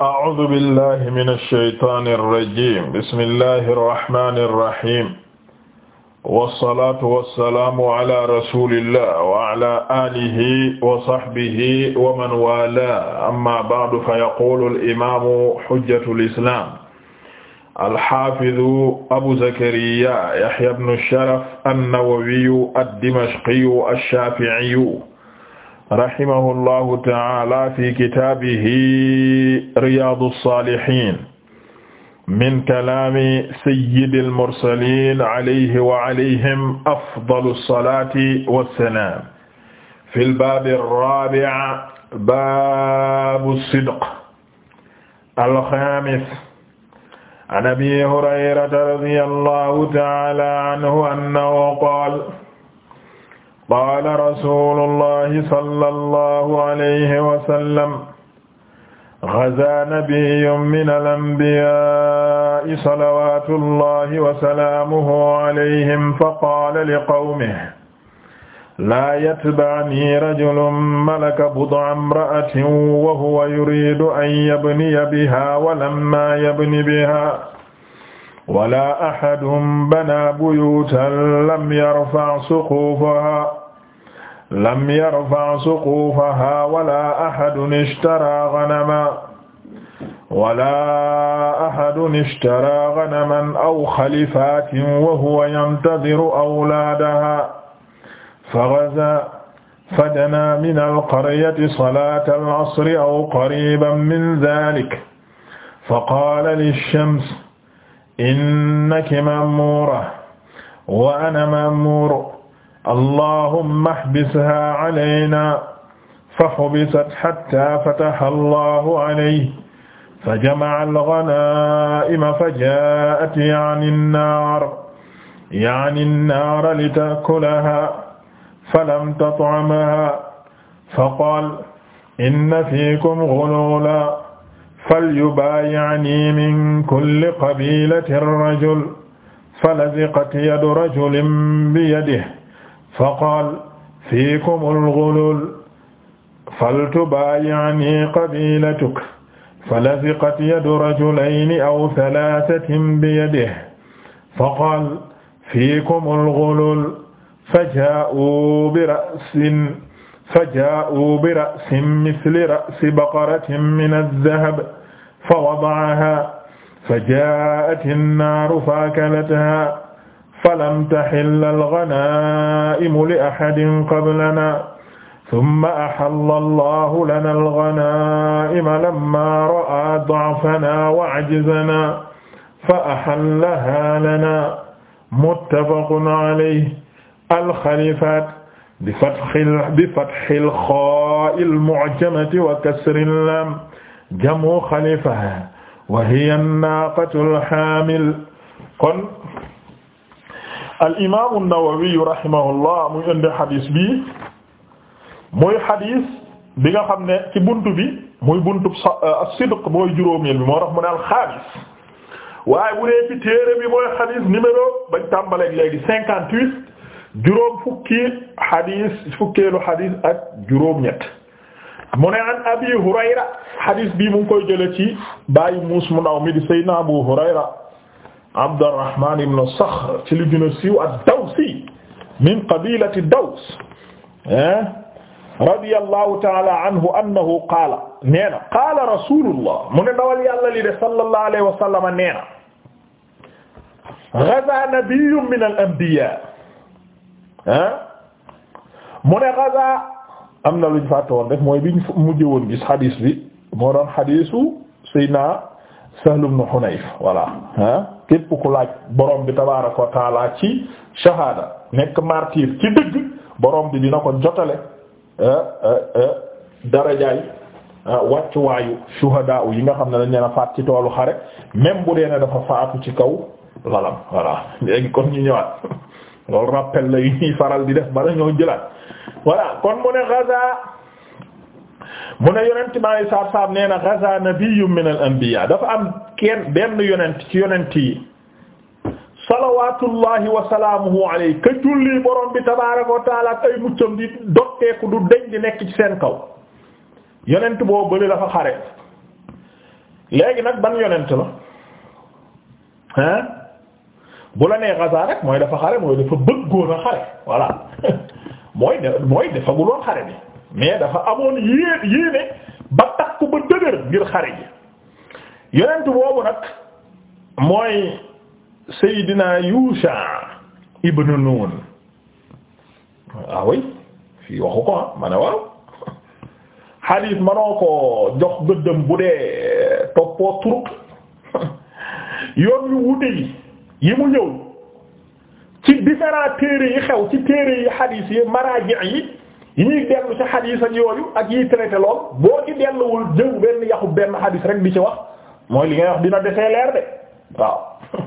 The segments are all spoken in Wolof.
أعوذ بالله من الشيطان الرجيم بسم الله الرحمن الرحيم والصلاة والسلام على رسول الله وعلى آله وصحبه ومن والاه أما بعد فيقول الإمام حجة الإسلام الحافظ أبو زكريا يحيى بن الشرف النووي الدمشقي الشافعي rahimahullahu ta'ala fi kitaabihi Riyâdous-Sâlihîne min kalaami sayyidil mursaliin alayhi wa alayhim afdalus salaati wassalaam fil baabi raabi' baabu sidq al-khaamis an abii hurayrata radiyallahu ta'ala anhu annahu qaala qaala rasuulullahi sallallahu alayhi wa sallam gazaa nabiyyun minal anbiyaa'i salawaatullahi wa salaamuhu alayhim faqaala liqawmihi laa yatba'anii rajulun malaka bud'a imra'atin wa huwa yuriidu an yabniya bihaa wa lammaa yabni bihaa wa laa ahadun banaa buyuutan lam yarfa' suquufahaa lam yarfa suquufaha wala ahadun ishtara ganama wala ahadun ishtara ganaman aw xalifatin wa huwa yantadiru awlaadaha fagaza fadanaa min alqaryati salaata alasri aw qariiban min zaalika faqaala lishamsi innaki ma'muura wa ana ma'muur allahumma ihbisha alayna fa hubisat hatta fataha allahu alayhi fa jama'a al-ghanaa'ima fa jaa'at ya'ni an-naar ya'ni an-naar litakulaha falam tat'amha faqaala inna fiikum ghuluulan falyubaayi'nii min kulli qabiilatin rajulan falaziqat yadu rajulin biyadihi faqaal fiikumul ghulul faltubaayi'nii qabiilatuk falaziqat yadu rajulayni aw salaasatin biyadihi faqaal fiikumul ghulul fajaa'uu bira'sin fajaa'uu bira'sin misli ra'si baqaratin mina zahab fawada'ahaa fajaa'atin naaru faakalathaa falam taxilla alganaimu li axadin qablana summa axalla allahu lana alganaima lamma ra'a dacfanaa wa cajzanaa fa axallahaa lanaa muttafaqun alayhi alxalifaat bi fatxi lxaa'i almucjamati wa kasri llaam jamu xalifa wa hiya annaaqatu alxaamil kon al imaamu Nawawi muy indi xadis bi muy xadis bi nga xam ne ci buntu bi muy buntu euh, as bi moo tax mu ne alxaamis waaye bi mooy xadis numéro bañ tàmbaleeg léegi cinquante huit juróom fukki xadis fukkeelu xadis ak juróom-ñett mu ne an Abi Hurayra xadis bii mu ngi koy jëlee ci bàyyi muus mu ndaw mi di Abu Hurayra. Abdurrahman ibn Sakhr ci li gën a siiw ad-Dawsi min qabilati Daws radiyallahu ta'ala anhu annahu qaala nee na qaala rasulullah mu ne dawal yàlla li de sallallahu alayhi wa sallam nee na ghaza nabiyyun min al-anbiya mu ne ghaza am na lu ñu fàtte woon rek mooy bi ñu mujj woon gis hadis bi moo doon hadisu Seydina Sahl ibn Hunayf voilà ah képp ku laaj boroom bi tabaaraka wa taala ci shahada nekk martyr ci dëgg borom bi dina ko jotale darajaay wàccuwaayu shuhadaa yi nga xam ne dañ leen faat ci toolu xare même bu dee ne dafa faatu ci kaw lalam voilà léegi kon ñu ñëwaat loolu rappel yu ñuy faral di def bala ñoo jëlaat voilà kon mu ne Gaza mu ne yonent maa ngi saab saab nee na gaza nabiyyun min al anbiya dafa am kenn benn yonent ci yonent yi salawatullahi wa salaamuhu alayhi ka julli borom bi tabaaraka wa taala ak ay muccam di dokkeeku du deñ di nekk ci seen kaw yonent boo bëri dafa xare léegi nag ban yonent la hein bu la nee gaza rek mooy dafa xare mooy dafa bëggoon a xare voilà mooy mooy dafa guloon xare bi mais dafa amoon yéen yéene ba takku ba dëgër ngir xare yonent boobu nag mooy Seydina Yusha ibnu Nun waaw ah fii waxu ko ah waaw xadiis manoo ko jox gëddëm bu dee toppoo turut yoon yu wute yi yi mu ñëw ci différents téere yi xew ci téere yi xadiis yi maraaji yi yi ñuy dellu ci xadiis ak yooyu ak yii traité lool boo ci delluwul jëw benn yaxu benn xadiis rek di ci wax mooy li nga ngay wax dina defee leer de waaw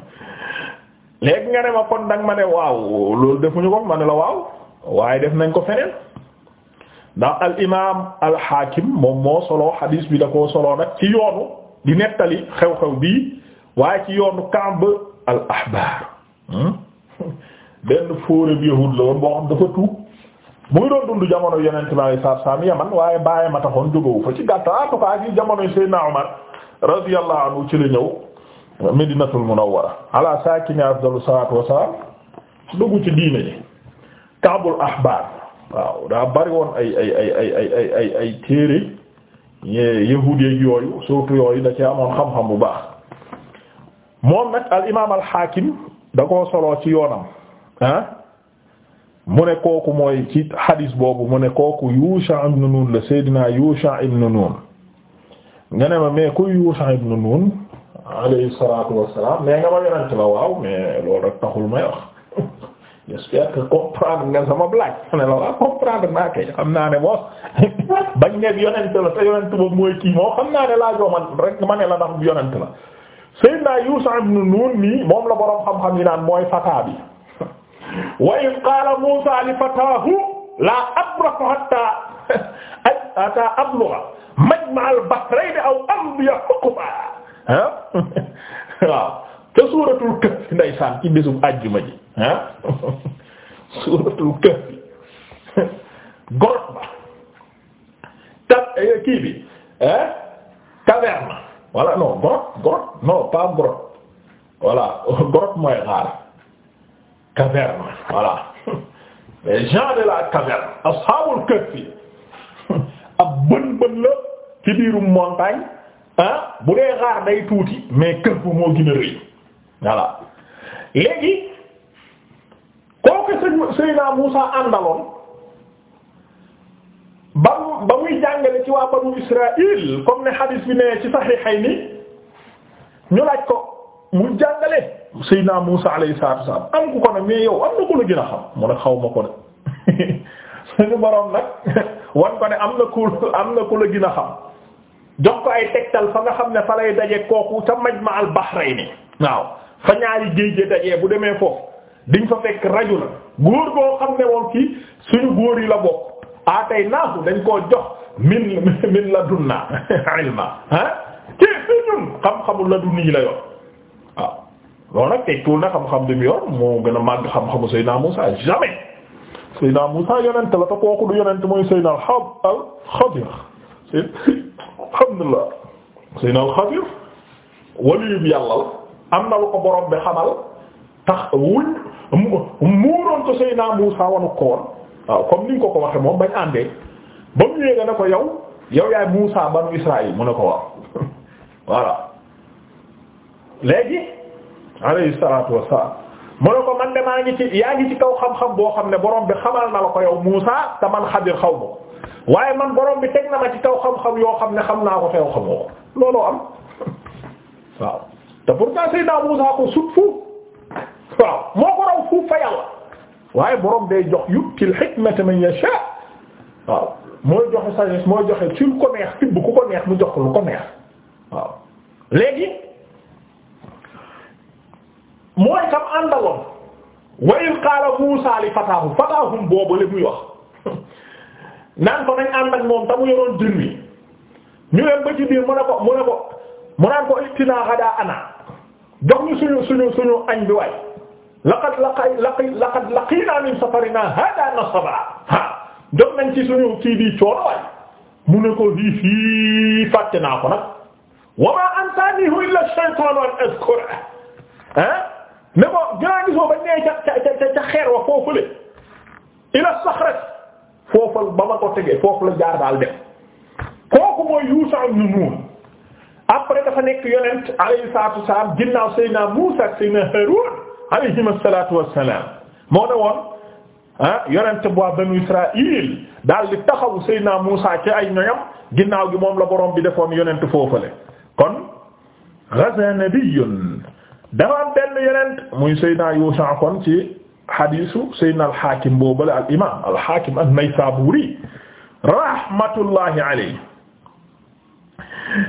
léegi nga ne ma kon danga ma ne waaw loolu defuñu ko ma ne la waaw waaye def nañ ko feneen ndax al imaam al xaakim moom moo solo xadiis bi da koo solo nag ci yoonu di nettali xew-xew bii waaye ci yoonu Kaab al ahbaar hmm? benn fóore bi yahuud boo xam dafa tuub mu ngi doon dund jamono yonent bi alayhi salaatu Yaman waaye bàyyi ma taxoon jógewu fa ci gàttal en tout cas ci jamono Seydina Omar radiyallahu anhu ci la ñëw Medinatul Munawwara ala saakini afdalu ci diine bari woon ay ay ay ay ay yooyu surtout yooyu da ci amoon xam-xam bu baax moom nag al imaam al Haakim da koo ci yoonam ah. mu ne kooku mooy ci hadis boobu mu ne kooku Yusha ibn Nun la Seydina Yusha ibn Nun nga ne ma mais ku Yusha ibn Nun alayhi salaatu wassalaam mais ma yonent la waaw mais loolu rek taxul may wax nga sama blague ne la waa comprendre naa kay xam naa ne boo bañ ne yonent la te yonent ba mooy kii moo xam naa ne laa jooman rek ma ne la ndax yonent la Seydina Yusha ibn Nun nii moom la boroom xam-xam yi naan mooy fataa bi wa in qaala Muusaa li fataahu laa abrahu hattaa hattaa ablugha majma'al bahrayni aw amdiya huqbaa ah waaw te suuratul kahf ndeysaan ci bésum àjjuma ji ah suuratul kahf gorot ba ta eh, kii bi ah taverne wala non gorot gorot non pas gorot voilà gorot mooy xaar. caverne voilà les gens de la caverne ashabul kahfi ab bën bën la ci montagne ah bu dee xaar day tuuti mais kër bu moo gën a rëy léegi kooku sëñ Seydina Muusa àndaloon ba ba muy jàngale ci waa banu Israël comme ne hadith bi ne ci Sahihayni ñu laaj ko. mu jàngale Seydina Musa alayhi salaatu wasallam am ku ko ne mais yow am na ku la gën a xam mu ne xaw ma ko de suñu borom nag wan ko ne am na ku am na ku la gën a xam jox ko ay tegtal fa nga xam ne fa lay daje kooku ca majma al bahrayni waaw fa ñaari géej dajee bu demee foofu diñ fa fekk rajula góor boo xam ne woon ci suñu góor yi la bokk ah naafu dañ koo jox min min ladunna ilma ah ci ñun xam-xamul ladunni la yoon. waaw loolu nag tekkiwul na xam-xam bi mu yor moo gën a màgg xam-xamu Seydina Musa jamais Seydina Musa yonent la te kooku du yonent mooy Seydina al-Xadir alhamdulillah Seydina al-Xadir waliyu bi yàlla am na ko borom bi xamal tax wuñ muuroon ko Seydina Musa wanu ko woon waaw comme ni ko ko waxee moom bañ àndee ba mu ñëwee ne ko yow yow yaay Musa banu Israël mu ne ko waaw voilà. léegi alayhi salaatu wassalaam mu ne ko man de maa ngi ci yaa ngi ci kaw xam-xam boo xam ne borom bi xamal na la ko yow Muusa te man Xadir xaw ma waaye man borom bi teg na ma ci kaw xam-xam yoo xam ne xam naa ko feew xam ko looloo am waaw te pourtant Seydina Muusa ko sut fuuf moo ko raw fuuf fa yàlla waaye borom day jox yu'til ki man yashaa waaw mooy joxe joxe ci lu ko neex tibb ku ko neex mu jox ko lu ko neex waaw mooy kam àndaloon wa in qaala Muusaa li fataahu fataahum boobu la muy naan ko nañ ànd moom te mu yoroon jën ñu dem ba ci biir mu ne ko mu ne ko mu naan ko jox ñu suñu suñu añ bi waay laqad laqay laqi laqad laqiina min safarina hada jox nañ ci suñu kii bi coono waay mu ne ko fii fii fàtte ko nag wa ma ansanihu illa shaytaanu an azkura ha ne ko gënaa gisoo bañ nee ca ca ca xeer wa foofu le ila saxra foofal ba ma ko tegee foofu la jaar daal dem kooku mooy Yuusa ibn Nuun après dafa nekk yonent alayhi salaatu wassalaam ginnaaw Seydina Muusaa ak Seydina Haaruun alayhimu salaatu wassalaam moo ne woon ah yonent bu banu Israaïl daal di taxawu Seydina Muusaa ci ay ñoñam ginnaaw gi moom la borom bi defoon yonent foofale kon ghazaa nabiyyun dafa am benn yonent muy Seydina Yusha kon ci hadiisu Seydina al-Hakim boobale al imaam al-Hakim an-Naysaburi rahmatullahi alayhi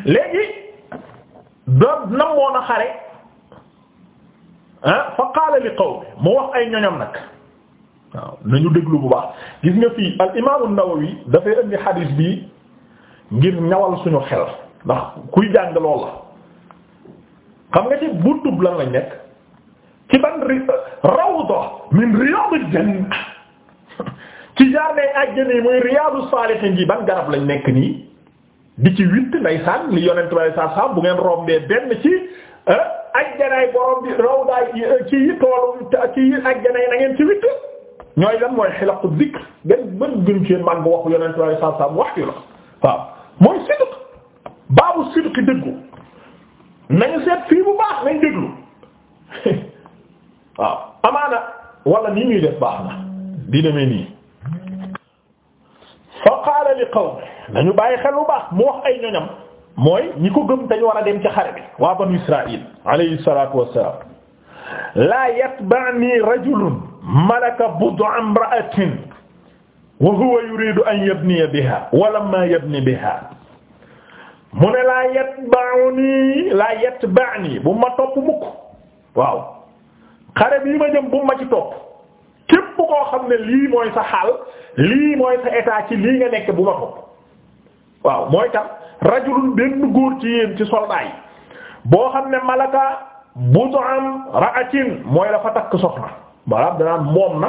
léegi doon xare ah li qawmi mu wax ay ñoñam nag waaw nañu déglu bu baax gis nga fii al imaam an-Nawawi dafay indi bi ngir ñawal suñu xel ndax kuy jàng lool xam nga ci buntub lan lañ nekk ci ban rawda min riyaadil janna ci jardin àjjana yi muy riyaadus saalihiin ji ban garab lañ nekk ni di ci witt ndeysaan li yonent bay saa saa bu ngeen rombee benn ci ajjanaay eh, borom bi rawdaay eh, ci yi toolu ci yi ajjanaay na ngeen ci witt ñooy lan mooy xilaqu dikr benn bën gën ci man bu waxu yonent bay saa saa bu wax yu la waaw mooy sidq baabu sidq dëggu nañu seet fii bu baax nañ déglu waaw amaana wala nii ñuy def baax na di demee nii fa qaala li qawmi nañu bàyyi xel bu baax mu wax ay ñoñam mooy ñi ko gëm dañu war a dem ci xare bi waa banu israil alayhi salatu wassalam laa yatba'ni rajulun malaka bud'a imra'atin wa huwa yuridu an yabniya biha wa lamma yabni biha mu ne laa yatba'uni laa yatba'ni bu ma topp mukk waaw xare bii ma jëm bu ma ci topp képp ko xam ne lii mooy sa xaal lii mooy sa état ci lii nga nekk bu ma topp waaw mooy tam rajulun benn góor ci ci soldat yi xam ne malaka butu'am ra'atin mooy la fa takk soxna walla danaan moom na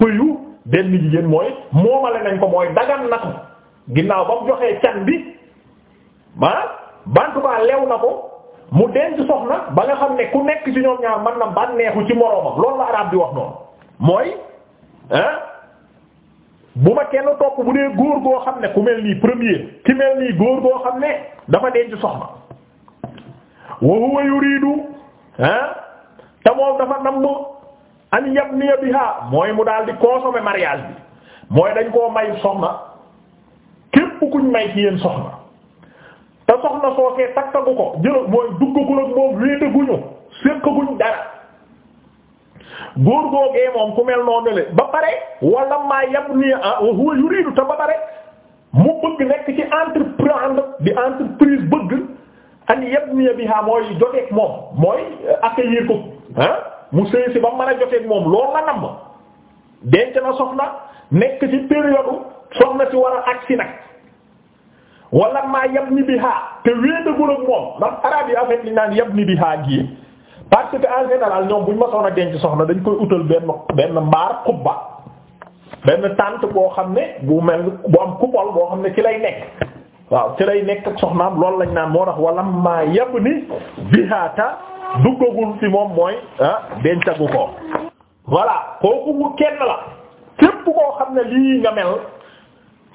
pëyu benn jigéen mooy moomale nañ ko mooy dagan na ko ginnaaw ba mu joxee can bi ah bantumaa lew na ko mu denc soxna ba nga xam ne ku nekk ci ñoom ñaar man na bànneexu ci moroomam loolu la arab bi wax noonu mooy ah bu ma kenn topp bu dee góor goo xam ne ku mel nii premier ki mel nii góor goo xam ne dafa denc soxna wa huwa yuridu ah te moom dafa namm an yabniya biha mooy mu daal di consommer mariage bi mooy dañ koo may soxna képp kuñ may ci yéen soxna te soxna sookee takkagu ko jël mooy duggagu ak moom wéeteguñu séqaguñ dara góor googee moom ku mel noonu le ba pare wala maa yabni ah, wa huwa yuridu te ba pare mu bëgg nekk ci entreprendre di entreprise bëgg a yabni biha mooy joteeg moom mooy accueillir ko ah mu sëy si ba mën a joteeg moom loolu la namm denc na soxna nekk ci période soxna si war a agsi nag. wala maa yab ni bi haa te wéetagul ak moom ndax arabe yi affaire yi naan yab ni bi haa gi parce que en général ñoom buñ ma soxna denc soxna dañ koy utal benn benn mbaar kubba benn tànt boo xam ne bu mel bu am kubol boo xam ne ci lay nekk waaw ci lay nekk ak soxnaam loolu lañ naan moo tax wala maa yab ni bi ta duggagul ci moom mooy ah dencagu ko voilà kooku kenn la képp koo xam ne lii nga mel.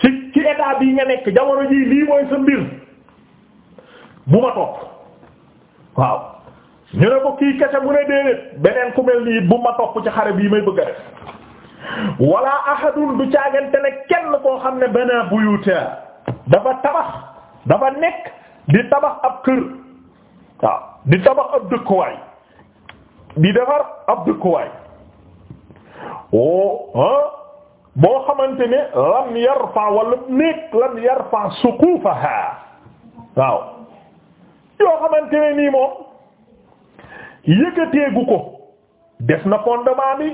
ci ci état bii nga nekk jamono jii lii mooy sa mbir bu ma topp waaw ñu ne ko kii kese mu ne déedéet beneen ku mel nii bu ma topp ci xare bii may bëgg a def wala ahadun du caagante la kenn koo xam ne bana buyuta dafa tabax dafa nekk di tabax ab kër waaw di tabax ab dëkkuwaay di defar ab dëkkuwaay oh ah boo xamante ne lam yarfa wala nekk lam yarfa suqufaha waaw yoo xamante ne nii moom yëkkateegu ko def na fondement bi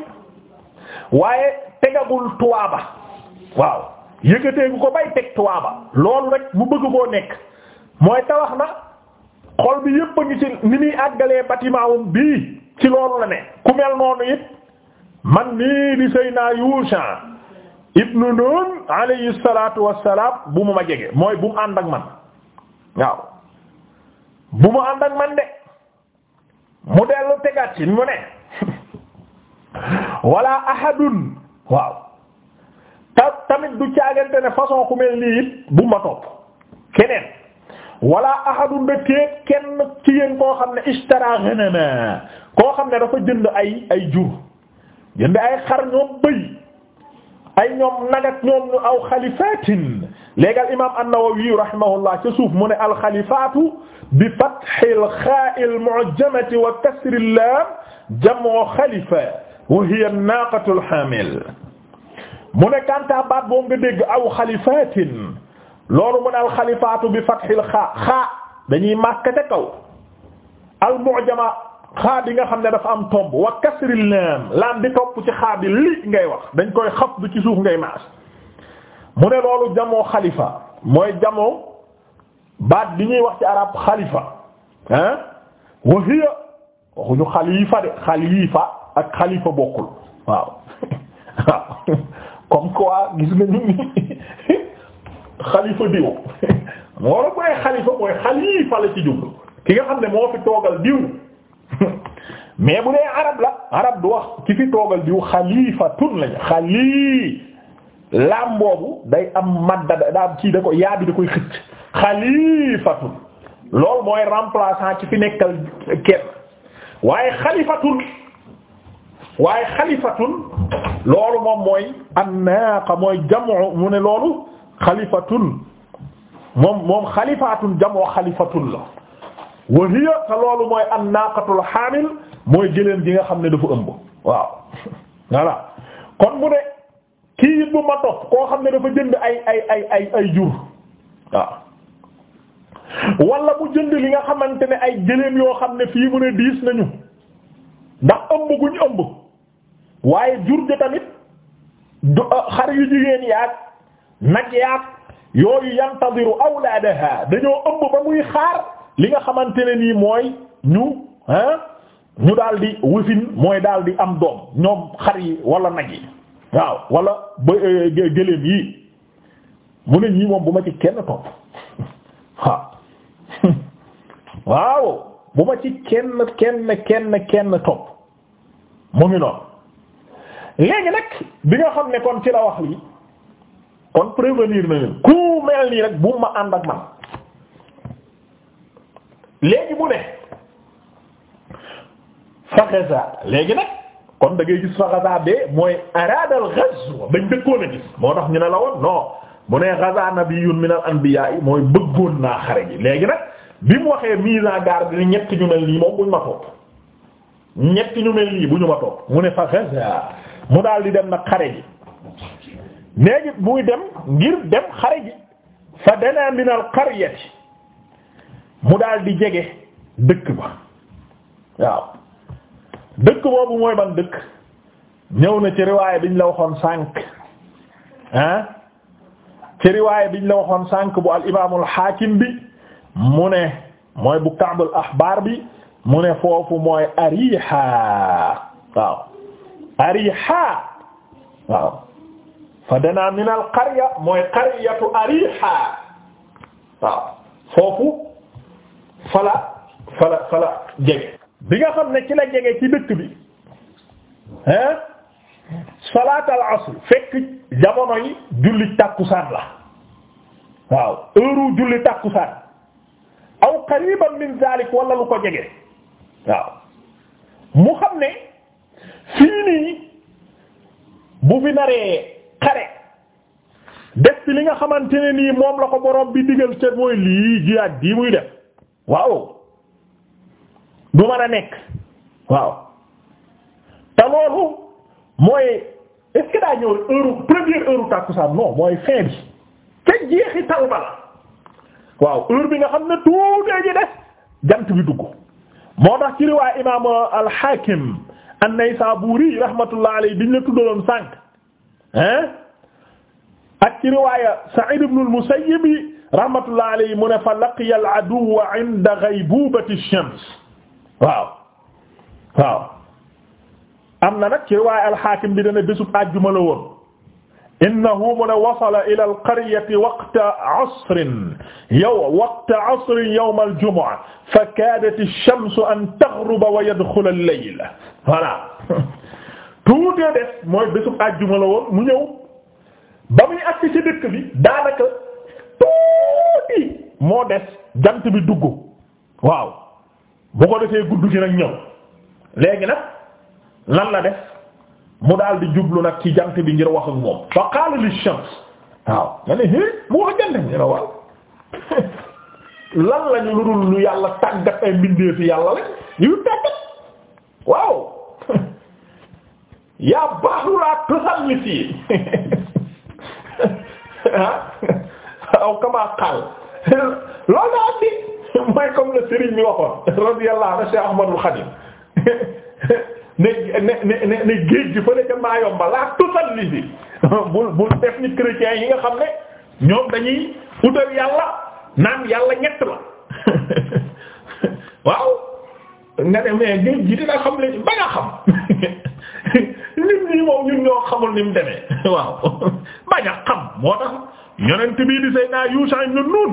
waaye tegagul tuwaaba waaw yëkkateegu ko bay teg tuwaaba loolu rek mu bëgg koo nekk mooy tawax na xol bi yépp a ngi ci ni muy àggalee bâtiment wum bii ci loolu la ne ku mel noonu it man nii di sëy naa Yuusha ibnu nun alayhi salatu wasalaam bu mu ma jege mooy bu mu ànd ak man waaw bu mu ànd ak man de mu dellu tegaat ci mu ne wala ahadun waaw ta tamit du caagante ne façon ku nii it bu ma topp keneen wala ahadun de téeg kenn ci yéen koo xam ne ishtara ghanama koo xam ne dafa jënd ay ay jur jënd ay xar ñoom bëy ay ñoom nagat ñoom ñu aw xalifatin léegi al imam an-Nawawi rahimahullah ca suuf mu ne alxalifatu bi fathil xaa'il mu'jamati wa kasril laam jamu xalifa wa hiya an-naaqatul haamil mu ne kanta baat boo nga dégg aw xalifatin loolu mu ne alxalifatu bi fathil xaa xaa dañuy màkk ca kaw al mu'jama xaa bi nga xam ne dafa am tomb wa kasri lam lan bi topp ci xaabi li ngay wax dañ koy xaf bi ci suuf ngay maas mu ne loolu jamoo xalifa mooy jamoo baat bi ñuy wax ci arab xalifa ah wa hiya waxuñu xalifa de xalifa ak xalifa bokkul waaw waaw comme quoi gis nga ñu ni xalifa diw moo la koy xalifa mooy xalifa la ci jublu ki nga xam ne moo fi toogal diw mais bu dee arab la arab du wax ci fi toogal diw xalifatun lañu xali laam boobu day am madda da am kii da ko yaa bi da koy xëcc xalifatun loolu mooy remplaçant ci fi nekkal kenn waaye xalifatun waaye xalifatun loolu moom mooy annaaqa mooy jamu mu ne loolu xalifatun moom moom xalifatun jamu xalifatun la wa hiya te loolu mooy an naqatul hamil mooy gëléem gi nga xam ne dafa ëmb waaw voilà kon mu ne kii it bu ma topp koo xam ne dafa jënd ay ay ay ay jur waaw wala bu jënd li nga xamante ne ay gëléem yoo xam ne fii mu ne diis nañu ndax ëmb guñ ëmb waaye jur ja tamit euh, xar yu jigéen yaat nag yaag yooyu yantadiru awlaadaha dañoo ëmb ba muy xaar li nga xamante ne nii mooy ñu ah ñu daal di mooy daal di am doom ñoom xar yi wala nag yi waaw wala ba eh, gëléem yi mu ne ñii moom bu ma ci kenn topp waaw waaw bu ma ci kenn kenn kenn kenn topp mu ngi noonu léegi nag bi nga xam ne kon ci la wax lii kon prévenir na ku mel nii rek bu ma ànd ak man léegi mu ne fa gaza léegi nag kon da gis fa gaza bee mooy araada al ghazw dëkkoon a gis moo tax ñu ne la woon non mu ne gaza nabiyyun min al anbiya mooy bëggoon naa xare ji léegi nag bi mu waxee mise en garde ni ñett ñu mel nii moom buñu ma topp ñett ñu mel nii bu ñu ma topp mu ne fa gaza mu daal di dem nag xare ji léegi muy dem ngir dem xare ji fa dana min al qaryati mu daal di jege dëkk ba waaw dëkk boobu mooy ban dëkk ñëw na ci riwaaya biñ la waxoon sànq ah ci riwaaya biñ la waxoon sànq bu al imaamul xaakim bi mu ne mooy bu kaabul axbaar bi mu ne foofu mooy ariixa waaw foofu fala fala fala jege bi nga xam ne ci la jege ci dëkk bi hein salaatal asr fekk jamono yi julli tàkkusaan la waaw heure julli tàkkusaan aw qariban min zalik wala lu ko jege waaw mu xam ne fii nii bu fi naree xare def ci li nga xamante ne nii moom la ko borom bi digal te mooy lii jiyaat bii muy def waaw du mën a nekk waaw te loolu mooy est-ce que daa ñëw heure première heure tàkkusaan non mooy fin bi te jeexi tal ba la waaw heure bi nga xam ne tuutee ji des jant bi dugg moo tax ci riwaay imaam al-Hakim an-Naysaburi rahmatullah alayhi biñ la tuddaloon sànq hein ak ci riwaaya Sa'id ibn al-Musayyib rahmatullah alayhi mu ne fa laqiya al aduwwa inda ghaybubati shams waaw waaw am na nag ci riwaaya alxaakim bi dana bésub àjjuma la woon innahu mu ne wasala ila alqaryati waqta asrin yow waqta asrin yawma aljumu'a fa kaadat ash-shamsu an taghruba wa yadkhula al-layl voilà tuuti def mooy bésub àjjuma la woon mu ñëw ba muy agsi ci dëkk bi daanaka tuuti moo des jant bi dugg waaw bu ko defee gudd gi nag ñëw léegi nag lan la def mu daal di jublu nag ci jant bi ngir wax ak moom fa qaala li waaw nga ne hé mu jant bi ne waaw lan lañu lu dul lu yàlla tàggat ay mbindee yàlla la yu tàggat waaw yaa baaxul laa tusalli fii aw kama xaal loolu daa am ci mooy comme le Serigne bi waxoon radiyallahu anhu Cheikh Ahmadul Khadim ne ne ne ne géej gi fële ca maa yomba laa tusal li bi bul bul def ni chrétiens yi nga xam ne ñoom dañuy utal yàlla naan yàlla ñett la waaw nga ne mais géej gi dina xam leen ba nga xam nit ñi moom ñun ñoo xamul ni mu demee waaw bañ a xam moo tax. yonent bii di Seydina Yuusa ibn Nuun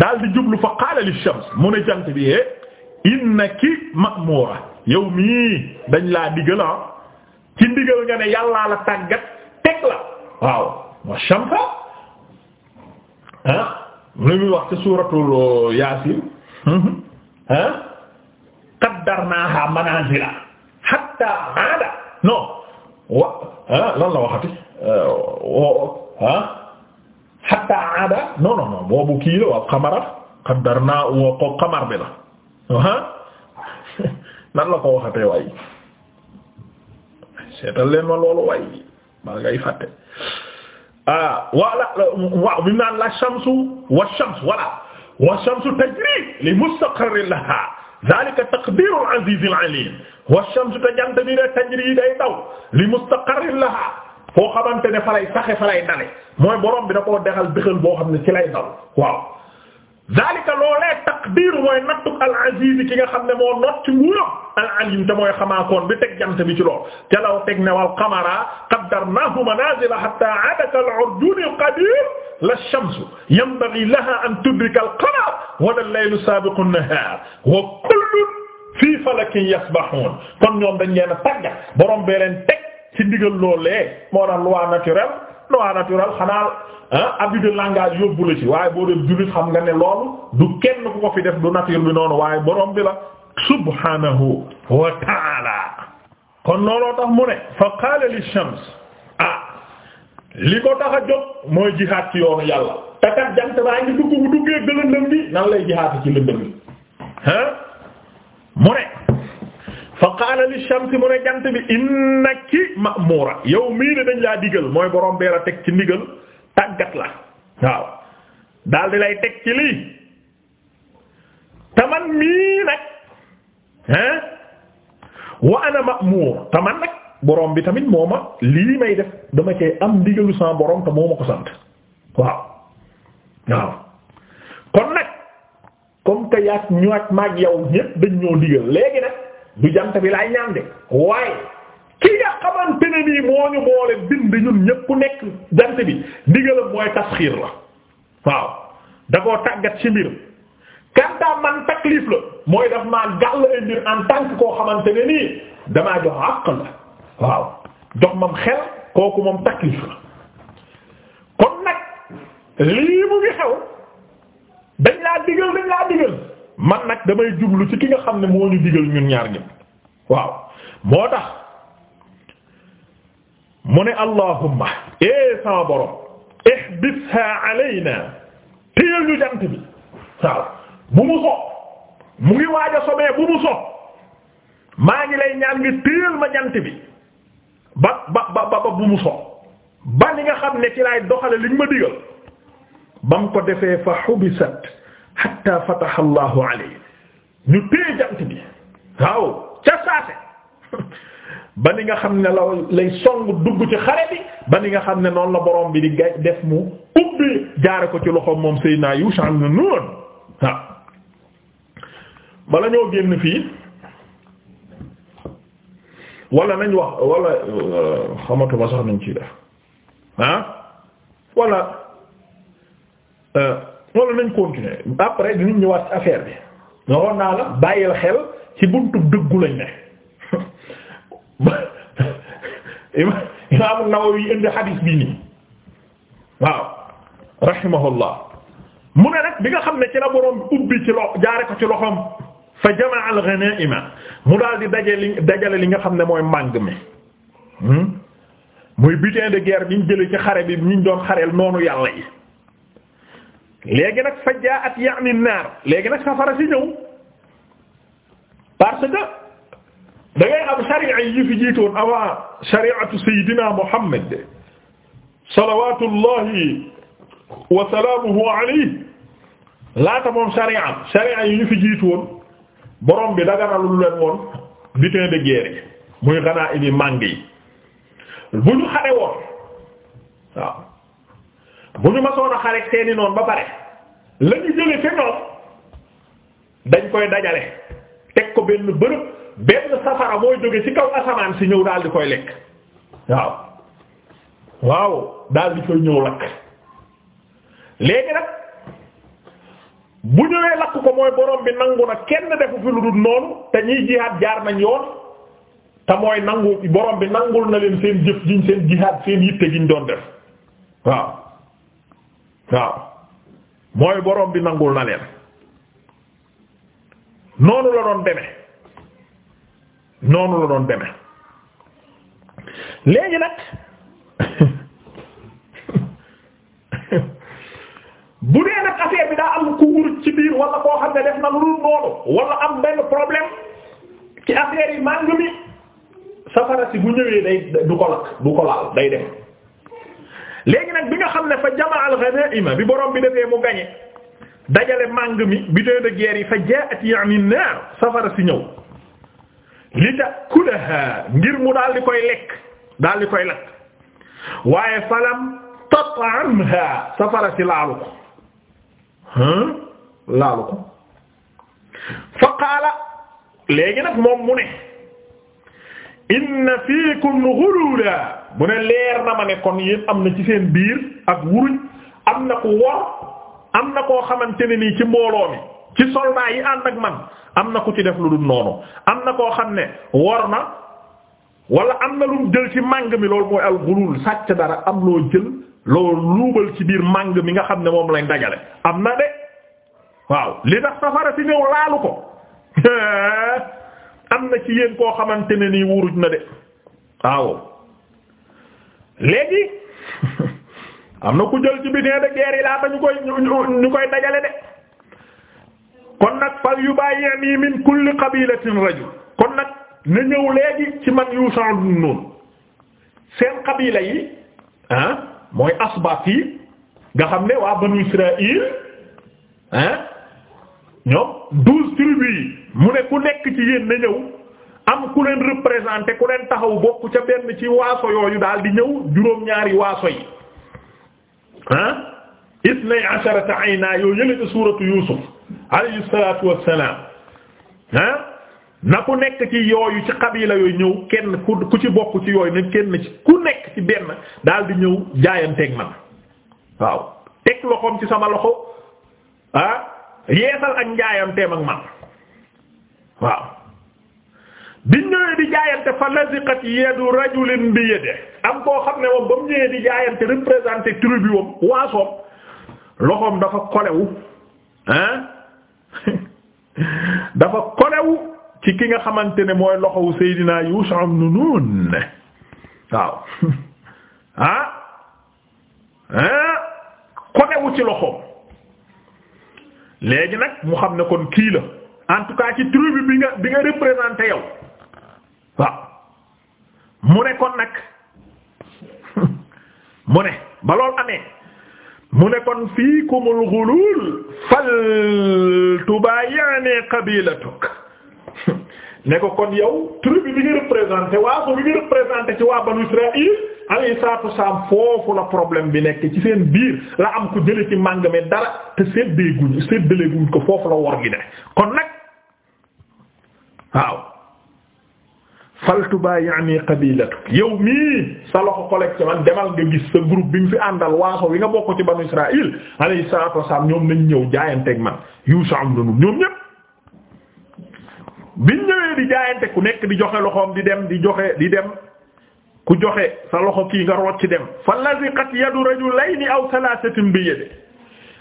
daal di jublu fa qaala li shams mu ne jant bi eh innaki ma'muura yow mii dañ laa digal ah ci ndigal nga ne yàllaa la tàggat teg la waaw wa shamsa ah lu muy wax ci suuratul uh, Yaasiin ah qaddarnaahaa manaazila hattaa aada non wa ah lan la waxati uh, ah. hatta aada non non non boobu kii la waaw xamara xaddar naa woo ko xamar bi la ah nan la ko waxatee waay seetal leen ma loolu waay bala ngay fàtte ah wala waaw mi naan la shamsu wa shams wala wa shamsu tajri li mustaqarrin laha zalika taqdiru al aziz al alim wa shamsu te jant bi day tajri day daw li mustaqarrin laha foo xamante ne faray saxe faray dale mooy borom bi da koo dexal dëxal boo xam ne ci lay daw waaw daalika loolee taqdiiru mooy nattuk al aziz ki nga xam ne moo not ci nguuram al alim te mooy xamaakoon bi teg jant bi ci lool te law teg ne wal qamara qaddarnaahu manaazila hattaa aada kal urjuuni al qadiim la shamsu yanbaghii lahaa an tudrika al qamar wala laylu saabiqu nahaar wa kullun fii falakin yasbahuun kon ñoom dañ leen a tàggat borom bee leen teg ci ndigal loolee moo tax loi naturelle loi naturelle xanaa ah abus de langage waaye boo def jullit xam nga ne loolu du kenn ku ko fi def du nature bi noonu waaye borom bi la subhanahu wa kon looloo tax mu ne fa qala li shams ah li ko tax a jóg mooy jihaad ci yoonu yàlla te kat jant baa ngi dugg bu duggee gëlëndëm bi nan lay jihaad ci lëndëm bi ah mu ne fa qaala li shamsi mu ne jant bi innaki ma'mura yow mii de dañ laa digal mooy borom beer a teg ci ndigal tàggat la waaw daal di lay teg ci lii taman mii nag hein wa ana ma'mur taman nag borom bi tamit moo ma lii may def dama cay am ndigalu sama borom te moo ma ko sant waaw waaw kon nag comme que yaag ñuwaat maag yow ñépp dañ ñoo digal léegi nag du jant bi laay ñaan de waaye ki nga xamante ne nii moo ñu boole bind ñun ñëpp nekk jant bi ndigalam mooy tasxiir la waaw da koo tàggat ci mbir kantaa man taklif la mooy daf maa gàll ay mbir en koo xamante na nii damaa jox àq la waaw jox mam xel kooku moom taklif la kon nag lii mu ngi xew dañ laa digal dañ laa digal man nag damay jublu ci ki nga xam ne moo ñu digal ñun ñaar ñëpp waaw moo tax mu ne allahumma ee eh sama borom ihbisha alayna téyal ñu jant bi waaw bu mu so mu ngi waaj a sobee bu mu so maa ngi lay ñaan ngi téyal ma jant bi ba ba ba ba bu mu so ba li nga xam ne ci lay doxale liñ ma digal bam ko defee fa xubisat hatta fataha allahu alayhi ñu téye jant bi waaw ca saase ba nga xam ne la lay song dugg ci xare bi ba ni nga xam ne noonu la borom bi di gaj def mu ubbi jaare ko ci loxo moom Seydina Yuusha ibn Nuun waaw bala ñoo génn fii wala nañ wax wala euh, xamatuma sax nañ ciy def ah loolu nañ continuer après dinañ ñëwaat ci affaire bi waxoon naa la bàyyil xel ci buntu dëggu lañ ne Imam Nawawi indi hadith bi nii waaw rahimahullah mu ne nag bi nga xam ne ci la boroom ubbi ci loxo jaare ko ci loxoom fa jamaa al ghanaima mu daal di daje li dajale li nga xam ne mooy màng mi hmm? muy butin de guerre bi ñu jëlee ci xare bi ñu doon xareel noonu yàlla yi léegi nag fa jaat yaani naar léegi nag safara si ñëw parce que da ngay am sariya yi fi jiitoon avant sariatu sayyidina Muhammad salawatullahi wa salaamuhu alayhi laata moom sariya sariya yi fi jiitoon boroom bi daganalul leen woon butin de guerre muy xanaa ini màng yi bu ñu xare bu ñu masoon a xare seeni noonu ba pare la ñu jëlee ñoom dañ koy dajale teg ko benn bërëb benn safara mooy jóge ci kaw asamaan si ñëw daal di koy lekk waaw waaw daal di koy ñëw lakk léegi nag bu ñëwee lakk ko mooy borom bi nangu na kenn defu fi lu dul noonu te ñiy jihaad jaar nañ yoon te mooy nangu borom bi nangul na leen seen jëf jiñ seen jihaad seen yitte giñ doon def waaw waaw mooy boroom bi nangul na leen noonu la doon deme noonu la doon deme léegi nag bu dee nag affaire bi daa am ku wur ci biir wala koo xam ne def na lu dul noonu wala am benn problème ci affaire yi màng mi safara si bu ñëwee day du ko lakk du ko laal day dem léegi nag bi nga xam ne fa jamaa al-ghanaa'ima bi borom bi defee mu gañe dajale màng mi butin de guerre yi fa jaa'at ya'ni naar safara si ñëw li ta'kulaha ngir mu daal di koy lekk daal di koy lakk waaye falam tat'amha safara si laalu ko ah laalu ko fa qaala léegi nag moom mu ne inna fiikum ghuluula mu ne leer na ma ne kon yéen am na ci seen biir ak wuruñ am na ku wor am na koo xamante ne nii ci mbooloo mi ci soldat yi ànd ak man am na ku ci def lu dul noonu am na koo xam ne wor na wala am na lum jël ci màng mi loolu mooy al sàcc dara am loo jël loolu luubal ci biir màng mi nga xam ne moom lañ dajale am na de waaw li tax safara si ñëw laalu ko am na ci yéen koo xamante ne nii wuruj na de waaw léegi am na ku jël ci butin de guerre yi laata ñu koy ñu koy dajale de kon nag fal yi min kulli qabilatin rajul kon nag na ñëw léegi ci man yuusandu noonu seen qabila yi ah mooy asbaat yi nga xam ne waa banu Israël ah ñoom douze tribus yi mu ne ku nekk ci yéen na ñëw am ku leen représenté ku leen taxaw bokk ca benn ci waaso yooyu daal di ñëw juróom-ñaari waaso yi ah isnay asharata ayna yoo yële ca suuratu Yuusuf alayhi salaatu wassalaam na ku nekk ci yooyu ci xabila yooyu ñëw kenn ku ci bokk ci yooyu na kenn ci ku nekk ci benn daal di ñëw jaayanteeg man waaw teg loxoom ci sama loxo ah yeesal ak njaayanteem ak man waaw bi ñëwee di jaayante fa laziqat yadu rajulin bi yade am koo xam ne moom ba mu ñëwee di jaayante représenté tribu wam waasoom loxoom dafa kolewu ah dafa kolewu ci ki nga xamante ne mooy loxowu Seydina Yusha ibn Nun waaw ah ah kolewu ci loxoom léegi nag mu xam ne kon kii la en tout cas ci tribu bi nga bi nga représenté yow waaw mu ne kon nag mu ne ba lool amee mu ne kon fiikumul ghulul fal tubaayani qabilatuk ne ko kon yow tribu bi nga représenté waa ko bi nga représenté ci waa banu Israël alayhi salaatu wassalaam foofu la problème bi nekk ci seen biir la am ko jële ci màngame dara te séddee guñ séddalee ko foofu la wor gi ne kon nag waaw faltu baayani qabilatuk yow mii sa loxo collecte man demal nga gis sa groupe bi nga fi àndal waaso wi nga bokk ci banu Israël alayhi salaatu wasalaam ñoom nañ ñëw jaayanteeg man Yuusa am lanu ñoom ñépp biñ ñëwee di jaayante ku nekk di joxe loxoom di dem di joxe di dem ku joxe sa loxo kii nga root ci dem fa laziqat yadu rajulayni aw thalathatin bi yadi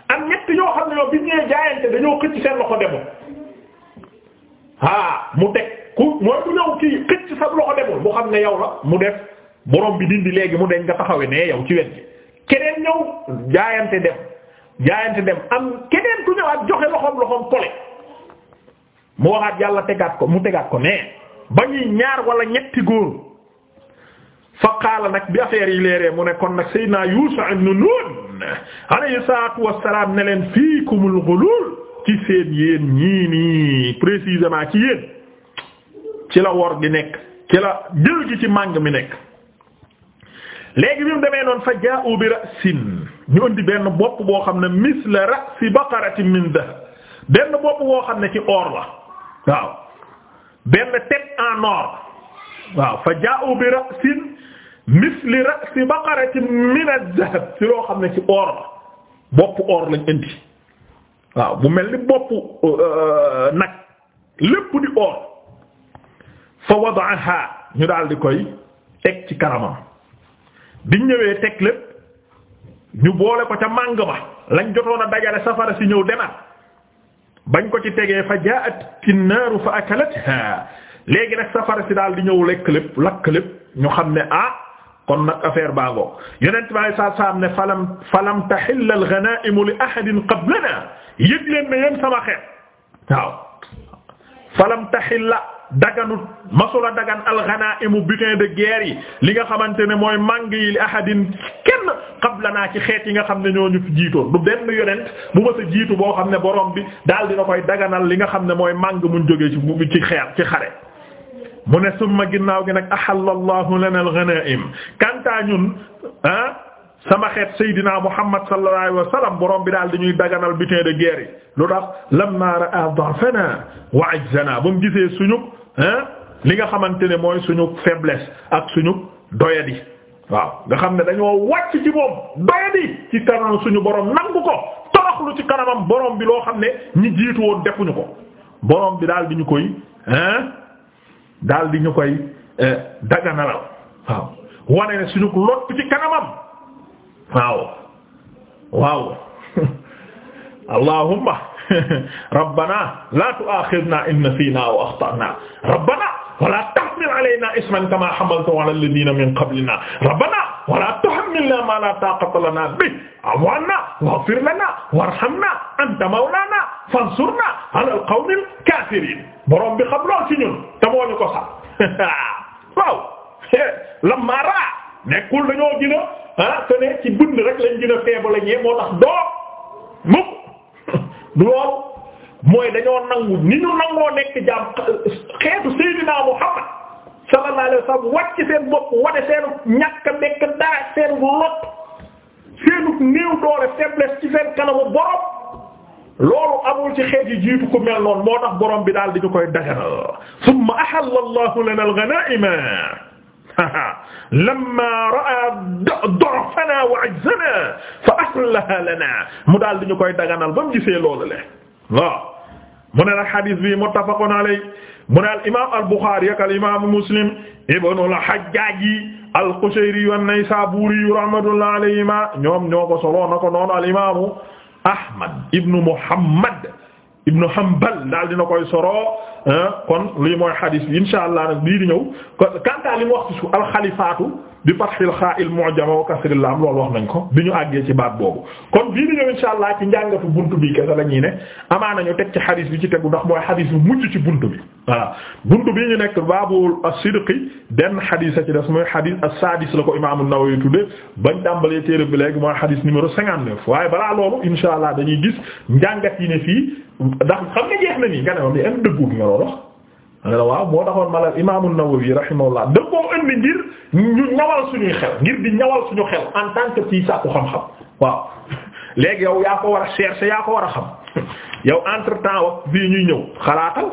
am ñett yoo xam ne yow biñ ñëwee jaayante dañoo xëcc seen loxo demo ah mu teg ku mooy ku ñëw kii xëcc sa loxo demul mu xam ne yow la mu def borom bi dindi léegi mu deñ nga taxawe ne yow ci wet gi keneen ñëw jaayante dem jaayante dem am keneen ku ñëwaat joxe loxoom loxoom tole mu waxaat yàlla tegaat ko mu tegaat ko nee ba ñuy ñaar wala ñetti góor fa qaala nag bi affaire yi leeree mu ne kon nag Seydina Yuusa ibn Nuun alayhi salaatu wassalaam ne leen fiikumul ghuluul ci seen yéen ñii nii précisément ci yéen ci la wor gi nekk ci la jël gi ci màng mi nekk léegi bi mu demee noonu fa jaa'u bi ra'sin ñu indi benn bopp boo xam ne misla ra'si baqaratin min dahab benn bopp boo xam ne ci or la waaw benn tête en or waaw fa jaa'u bi ra'sin misli ra'si baqaratin min ad-dahab ci loo xam ne ci or la bopp or lañ indi waaw bu mel ni bopp euh, nag lépp di or fa wadaaha ñu daal di koy teg ci kanamam biñ ñëwee teg lépp ñu boole ko ca màng ma lañ jotoon a dajale safara si ñëw demat bañ ko ci tegee fa jaat kinnaaru fa akalatha léegi nag safara si daal di ñëw lekk lépp lakk lépp ñu xam ne ah kon nag affaire baangoo yonent bi alei saatu salaam ne falam falam taxill alghanaimu li ahadin qablana yëg leen ne yéen sama xeet waaw falam taxilla daganut masula dagan alxanaimu butin de guerre yi li nga xamante ne mooy màng yi li ahadin kenn naa ci xeet yi nga xam ne ñoo ñu fi jiitoon du benn yonent bu ma sa jiitu boo xam ne borom bi daal dina koy daganal li nga xam ne mooy màng mun jógee ci ci xeer ci xare mu ne summa ginnaaw gi nag ahalla allahu lana alghanaim kanta ñun ah sama xeet Seydina Muhammad sallallahu alayhi wa sallam borom bi daal dañuy daganal butin de guerre yi lu tax lamma ra'a da'fana wa ajzana ba gisee suñu li nga xamante ne mooy suñu faiblesse ak suñu doyadi waaw nga xam ne dañoo wàcc ci moom doyadi ci kanam suñu borom nangu ko toroxlu ci kanamam boroom bi loo xam ne ñi jiitu woon defuñu ko boroom bi daal di ñu koy hein daal di ñu koy eh, daganalal waaw wane ne suñu lot ci kanamam waaw waaw allahumma rabbana la tu'akhidna in nasina aw akhtana rabbana wala tahmil alayna isran kama hamaltahu ala alladhina min qablina rabbana wala tuhammilna ma la taqata lana bihi wa'fu 'anna waghfir lana warhamna anta mawlana fansurna ala alqawmi alkafirin borom bi xam lool ci ñun te moo ñu ko sax waaw lamma raa nekkul dañoo gën a ah te ne ci bënd rek lañ gën a faible ñee moo tax doo du loolu mooy dañoo nangu ni ñu nangoo nekk jaam xeetu Seydina Muhammad sallallahu alayhi wasallam wàcc seen bopp wane seenu ñàkk nekk dara seenu lot seenu néew doole faiblesse ci seen kanamu borom loolu amul ci xeet jiitu ku mel noonu moo tax borom bi daal di ñu koy daganal summa ahalla Allahu lana al lamma raa dorfana wa ajzana fa ahlaha lana mu daal di ñu koy daganal ba mu gisee loolu le waaw mu ne nag xadis bi muttafaqun alay mu ne al imaam al buxaari ak al imaam muslim ibnu al hajjaaj al qushayri wa naysaabuuri rahmatullahi alayhima ñoom ñoo ko solo na ko noonu al imaamu ahmad ibnu muhammad ibnu Hanbal daal dina koy soroo ah, kon lii mooy xadiis bi insha allah nag bii di ñëw kon kanta li mu wax ci su alxalifaatu bi fathil xaa'il mu'jama wa kasril laam loolu wax nañ ko bi ñu àggee ci baat boobu kon bii di ñëw insha allah ci njàngatu bunt bi kese la ñuy ne amaana ñu teg ci xadis bi ci tegu ndax mooy xadis bu mujj ci buntu bi voilà buntu bii ñu nekk baabul as-sidqi benn xadis a ci des mooy xadis as-sadis la ko imaamu Nawawi tudde bañ tàmbalee téere bi léegi mooy xadis numéro 59 waaye balaa loolu insha allah dañuy gis njàngat yi ne fii ndax xam nga jeex na nga ne waaw moo taxoon ma la imaamu Nawawi rahimahullah da koo indi ngir ñu ñawal suñuy xel ngir di ñawal suñu xel en tant que ci sàkku xam-xam waaw léegi yow yaa ko war a chercher yaa ko war a xam yow entre temps wax fii ñuy ñëw xalaatal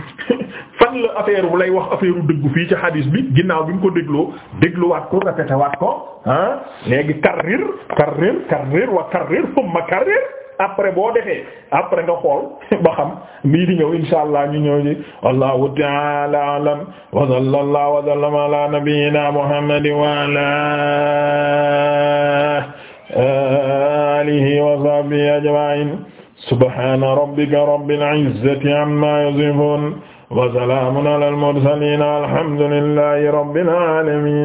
fan la affaire bu lay wax affaire u dëggu fii ci hadis bi ginnaaw bi mu ko dégloo dégluwaat ko répété waat ko ah léegi karrir karrir karrir wa karrir thumma karrir après boo defee après nga xool ba xam mii di ñëw insha allah ñu ñëw ci wallahu ta'ala alam wa sallallahu wa sallama ala nabiyyina muhammad wa ala alihi wa sahbihi ajma'in subhana rabbika rabbil izzati amma yasifun wa salamun ala al mursalin alhamdulillahi rabbil alamin